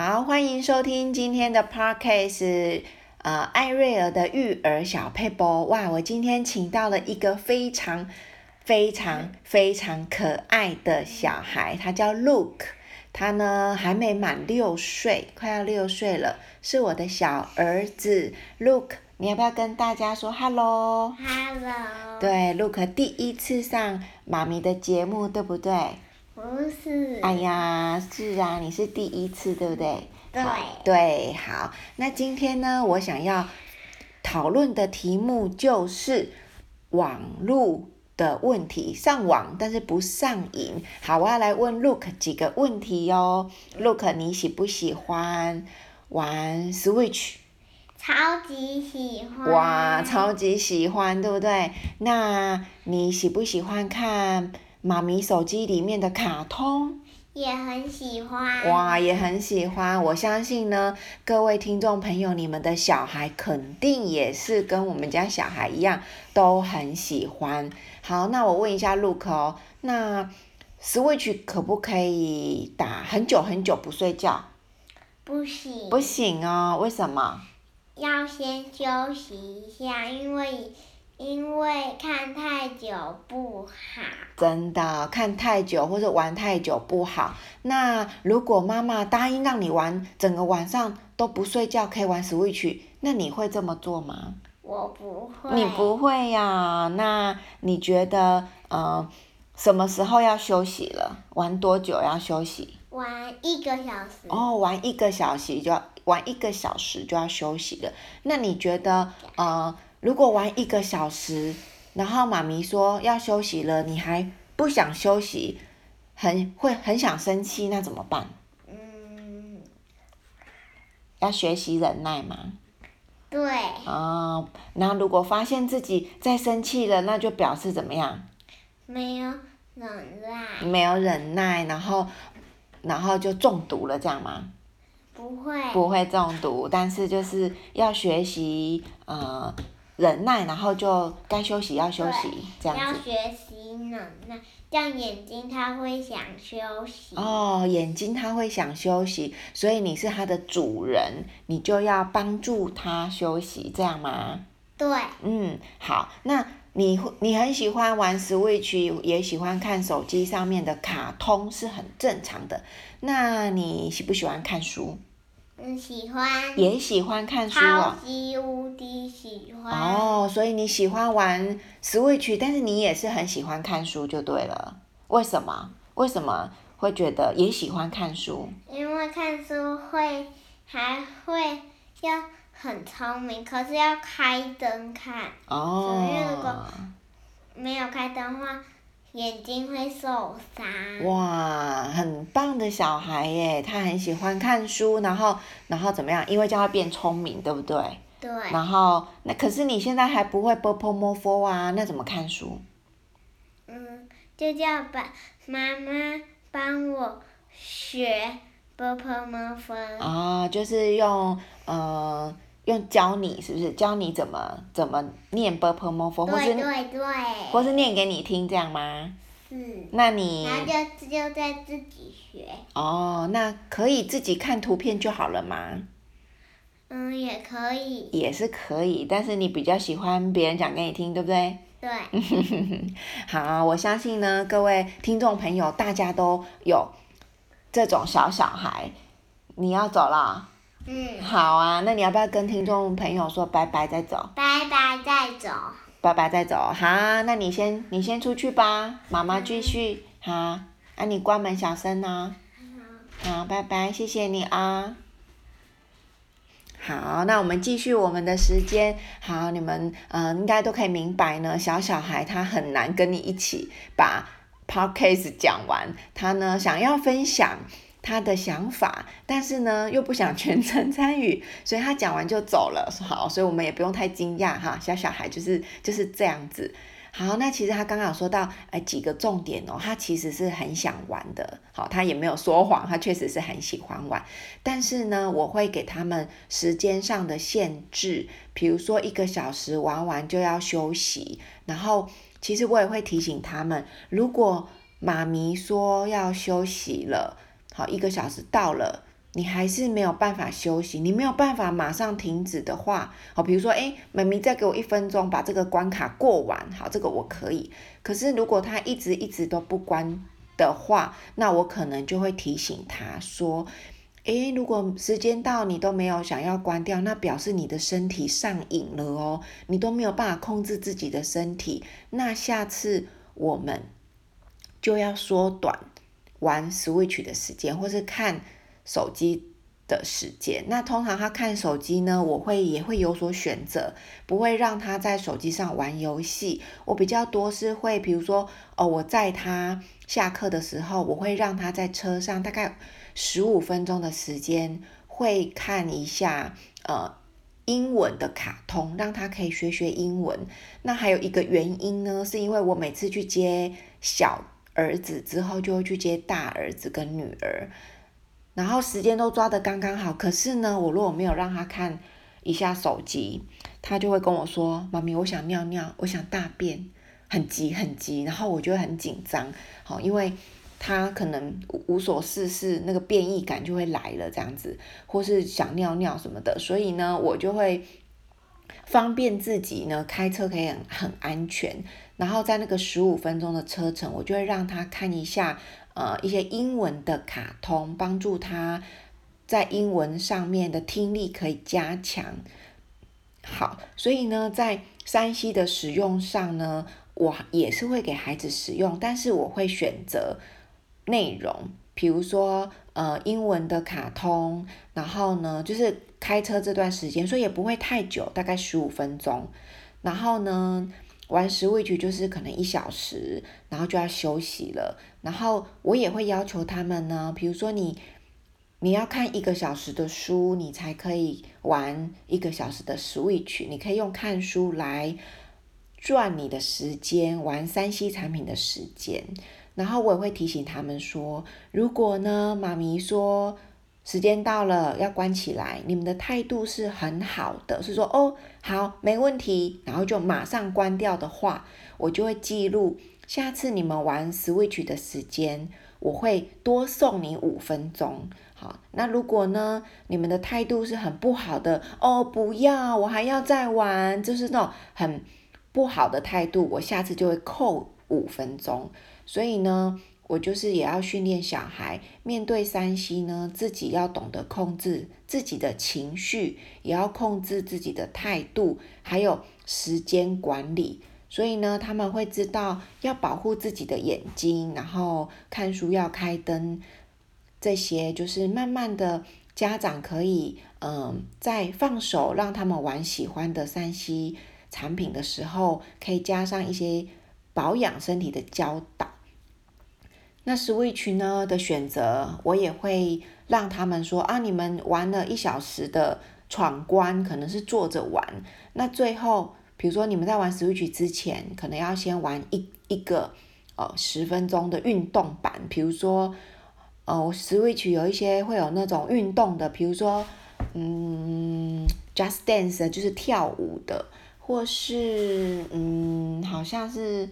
好，歡迎收聽今天的 Podcast，呃，艾瑞爾的育兒小配播。哇，我今天請到了一個非常、非常、非常可愛的小孩，他叫 Luke，他呢還沒滿六歲，快要六歲了，是我的小兒子 Luke。你要不要跟大家說 Hello？Hello。Hello. 對，Luke 第一次上媽咪的節目，對不對？不是。哎呀，是啊，你是第一次對不對？對。對，好，那今天呢，我想要討論的題目就是網絡的問題，上網但是不上癮。好，我要來問 Luke 幾個問題喲、哦。Luke，你喜不喜歡玩 Switch？超級喜歡。哇，超級喜歡，對不對？那你喜不喜歡看？媽咪手機裡面的卡通也很喜歡，哇，也很喜歡。我相信呢，各位聽眾朋友，你們的小孩肯定也是跟我們家小孩一樣，都很喜歡。好，那我問一下 Luke 哦，那 Switch 可不可以打很久很久不睡覺？不行。不行哦，為什麼？要先休息一下，因為。因為看太久不好。真的，看太久或者玩太久不好。那如果媽媽答應讓你玩整個晚上都不睡覺，可以玩 Switch，那你會這麼做嗎？我不會。你不會呀？那你覺得，嗯、呃，什麼時候要休息了？玩多久要休息？玩一個小時。哦，玩一個小時就要玩一個小時就要休息了。那你覺得，呃？如果玩一個小時，然後媽咪說要休息了，你還不想休息，很會很想生氣，那怎麼辦？嗯，要學習忍耐嘛。對。啊、哦，然後如果發現自己在生氣了，那就表示怎麼樣？沒有忍耐。沒有忍耐，然後，然後就中毒了，這樣嗎？不會。不會中毒，但是就是要學習啊。呃忍耐，然後就該休息要休息，對這樣子。要學習忍耐，這樣眼睛他會想休息。哦，眼睛他會想休息，所以你是他的主人，你就要幫助他休息，這樣嗎？對。嗯，好，那你會你很喜歡玩 Switch，也喜歡看手機上面的卡通，是很正常的。那你喜不喜歡看書？嗯，喜歡也喜歡看書哦、啊。超級無敵喜歡哦，所以你喜歡玩 Switch，但是你也是很喜歡看書，就對了。為什麼？為什麼會覺得也喜歡看書？因為看書會還會要很聰明，可是要開燈看。哦。所以如果沒有開燈的話。眼睛會受傷。哇，很棒的小孩耶，他很喜歡看書，然後，然後怎麼樣？因為就會變聰明，對不對？對。然後，那可是你現在還不會 bopomofo 啊，那怎麼看書？嗯，就叫把媽媽幫我學 bopomofo 啊，就是用嗯。呃用教你是不是？教你怎麼怎麼念 b p m f，對對，或是念給你聽這樣嗎？是那你就就在自己學。哦，那可以自己看圖片就好了嘛。嗯，也可以。也是可以，但是你比較喜歡別人講給你聽，對不對？對。 好，我相信呢，各位聽眾朋友，大家都有這種小小孩。你要走了。嗯，好啊，那你要不要跟聽眾朋友說拜拜再走？拜拜再走，拜拜再走。拜拜再走，好，那你先你先出去吧，媽媽繼續，好、嗯、那、啊、你關門小聲吶、哦、好、嗯，好，拜拜，謝謝你啊、哦。好，那我們繼續我們的時間，好，你們嗯、呃、應該都可以明白呢，小小孩他很難跟你一起把 podcast 講完，他呢想要分享。他的想法，但是呢，又不想全程參與，所以他講完就走了。好，所以我們也不用太驚訝哈。小小孩就是就是這樣子。好，那其實他剛剛有說到誒幾個重點哦，他其實是很想玩的。好，他也沒有說謊，他確實是很喜歡玩。但是呢，我會給他們時間上的限制，比如說一個小時玩完就要休息。然後，其實我也會提醒他們，如果媽咪說要休息了。好，一個小時到了，你還是沒有辦法休息，你沒有辦法馬上停止的話，好，比如說，誒、欸，媽咪，再給我一分鐘，把這個關卡過完，好，這個我可以。可是如果他一直一直都不關的話，那我可能就會提醒他說，誒、欸，如果時間到你都沒有想要關掉，那表示你的身體上癮了哦，你都沒有辦法控制自己的身體，那下次我們就要縮短。玩 Switch 的時間，或是看手機的時間。那通常他看手機呢，我會也會有所選擇，不會讓他在手機上玩遊戲。我比較多是會，比如說，哦，我在他下課的時候，我會讓他在車上大概十五分鐘的時間，會看一下呃英文的卡通，讓他可以學學英文。那還有一個原因呢，是因為我每次去接小。兒子之後就會去接大兒子跟女兒，然後時間都抓得剛剛好。可是呢，我如果沒有讓他看一下手機，他就會跟我說：“媽咪，我想尿尿，我想大便，很急很急。”然後我就很緊張，好，因為他可能無所事事，那個便意感就會來了這樣子，或是想尿尿什麼的。所以呢，我就會方便自己呢，開車可以很很安全，然後在那個十五分鐘的車程，我就會讓他看一下，呃，一些英文的卡通，幫助他在英文上面的聽力可以加強。好，所以呢，在 3C 的使用上呢，我也是會給孩子使用，但是我會選擇內容，比如說呃英文的卡通，然後呢，就是開車這段時間，所以也不會太久，大概十五分鐘，然後呢。玩 Switch 就是可能一小時，然後就要休息了。然後我也會要求他們呢，比如說你，你要看一個小時的書，你才可以玩一個小時的 Switch。你可以用看書來賺你的時間，玩 3C 產品的時間。然後我也會提醒他們說，如果呢，媽咪說。時間到了要關起來，你們的態度是很好的，是說哦，好，沒問題，然後就馬上關掉的話，我就會記錄。下次你們玩 Switch 的時間，我會多送你五分鐘。好，那如果呢，你們的態度是很不好的，哦，不要，我還要再玩，就是那種很不好的態度，我下次就會扣五分鐘。所以呢。我就是也要訓練小孩面對 3C 呢，自己要懂得控制自己的情緒，也要控制自己的態度，還有時間管理。所以呢，他們會知道要保護自己的眼睛，然後看書要開燈。這些就是慢慢的，家長可以嗯、呃，在放手讓他們玩喜歡的 3C 產品的時候，可以加上一些保養身體的教導。那 Switch 呢的選擇，我也會讓他們說啊，你們玩了一小時的闖關，可能是坐着玩。那最後，比如說你們在玩 Switch 之前，可能要先玩一一個呃十分鐘的運動版，比如說，呃，Switch 有一些會有那種運動的，比如說，嗯，Just Dance 的就是跳舞的，或是嗯，好像是。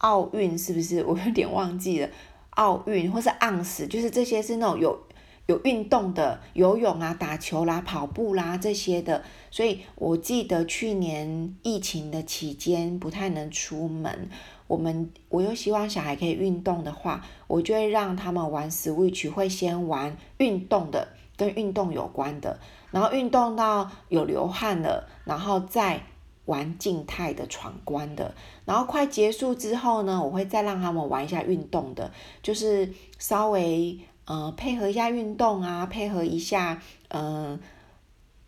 奧運是不是？我有點忘記了。奧運或是 u 斯，就是這些是那種有有運動的，游泳啊、打球啦、啊、跑步啦、啊、這些的。所以我記得去年疫情的期間不太能出門，我們我又希望小孩可以運動的話，我就會讓他們玩 switch，會先玩運動的，跟運動有關的，然後運動到有流汗了，然後再。玩靜態的闖關的，然後快結束之後呢，我會再讓他們玩一下運動的，就是稍微呃配合一下運動啊，配合一下嗯、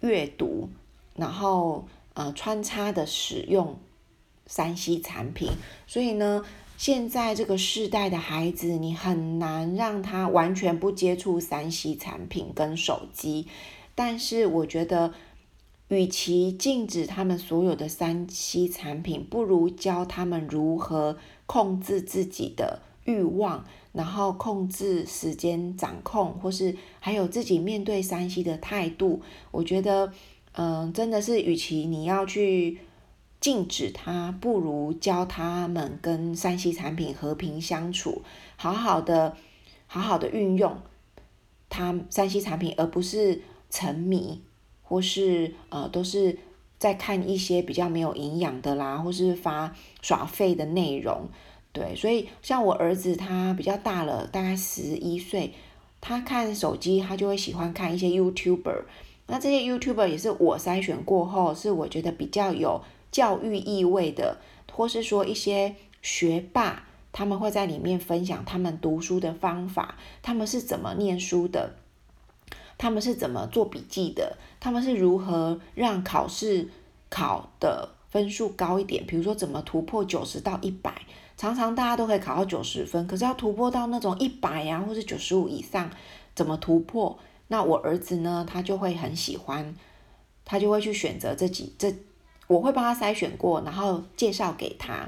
呃、閱讀，然後呃穿插的使用 3C 產品。所以呢，現在這個世代的孩子，你很難讓他完全不接觸 3C 產品跟手機，但是我覺得。與其禁止他們所有的三 C 產品，不如教他們如何控制自己的慾望，然後控制時間掌控，或是還有自己面對三 C 的態度。我覺得，嗯，真的是與其你要去禁止他，不如教他們跟三 C 產品和平相處，好好的，好好的運用它三 C 產品，而不是沉迷。或是呃，都是在看一些比較沒有營養的啦，或是發耍廢的內容，對。所以像我兒子他比較大了，大概十一歲，他看手機，他就會喜歡看一些 YouTuber。那這些 YouTuber 也是我篩選過後，是我覺得比較有教育意味的，或是說一些學霸，他們會在裡面分享他們讀書的方法，他們是怎麼念書的。他們是怎麼做筆記的？他們是如何讓考試考的分數高一點？比如說，怎麼突破九十到一百？常常大家都可以考到九十分，可是要突破到那種一百啊，或是九十五以上，怎麼突破？那我兒子呢，他就會很喜歡，他就會去選擇這幾這，我會幫他篩選過，然後介紹給他，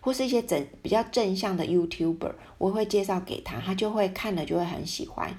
或是一些正比較正向的 YouTuber，我會介紹給他，他就會看了就會很喜歡。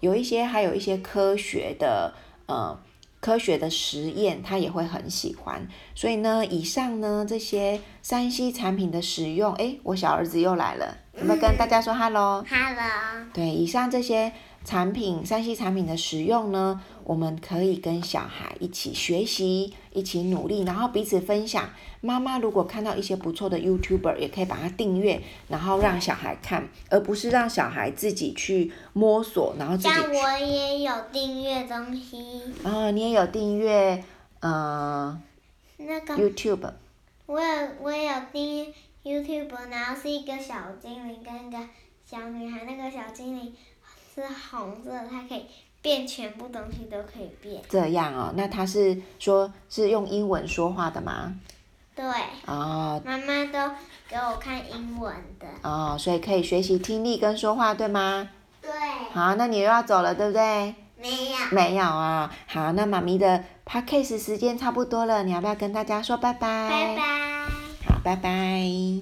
有一些，還有一些科學的，呃，科學的實驗，他也會很喜歡。所以呢，以上呢這些 3C 產品的使用，哎、欸，我小兒子又來了，有沒有跟大家說 Hello？Hello。對，以上這些。產品 3C 產品的使用呢，我們可以跟小孩一起學習，一起努力，然後彼此分享。媽媽如果看到一些不錯的 YouTuber，也可以把它訂閱，然後讓小孩看，對而不是讓小孩自己去摸索，然後自己。那我也有訂閱東西。啊、呃，你也有訂閱，呃，那個 YouTube。我有我也有訂 YouTube，然後是一個小精靈跟一個小女孩，那個小精靈。是紅色，它可以變，全部東西都可以變。這樣哦，那它是說，是用英文說話的嗎？對。哦。媽媽都給我看英文的。哦，所以可以學習聽力跟說話，對嗎？對。好，那你又要走了，對不對？沒有。沒有啊、哦，好，那媽咪的 podcast 時間差不多了，你要不要跟大家說拜拜？拜拜。好，拜拜。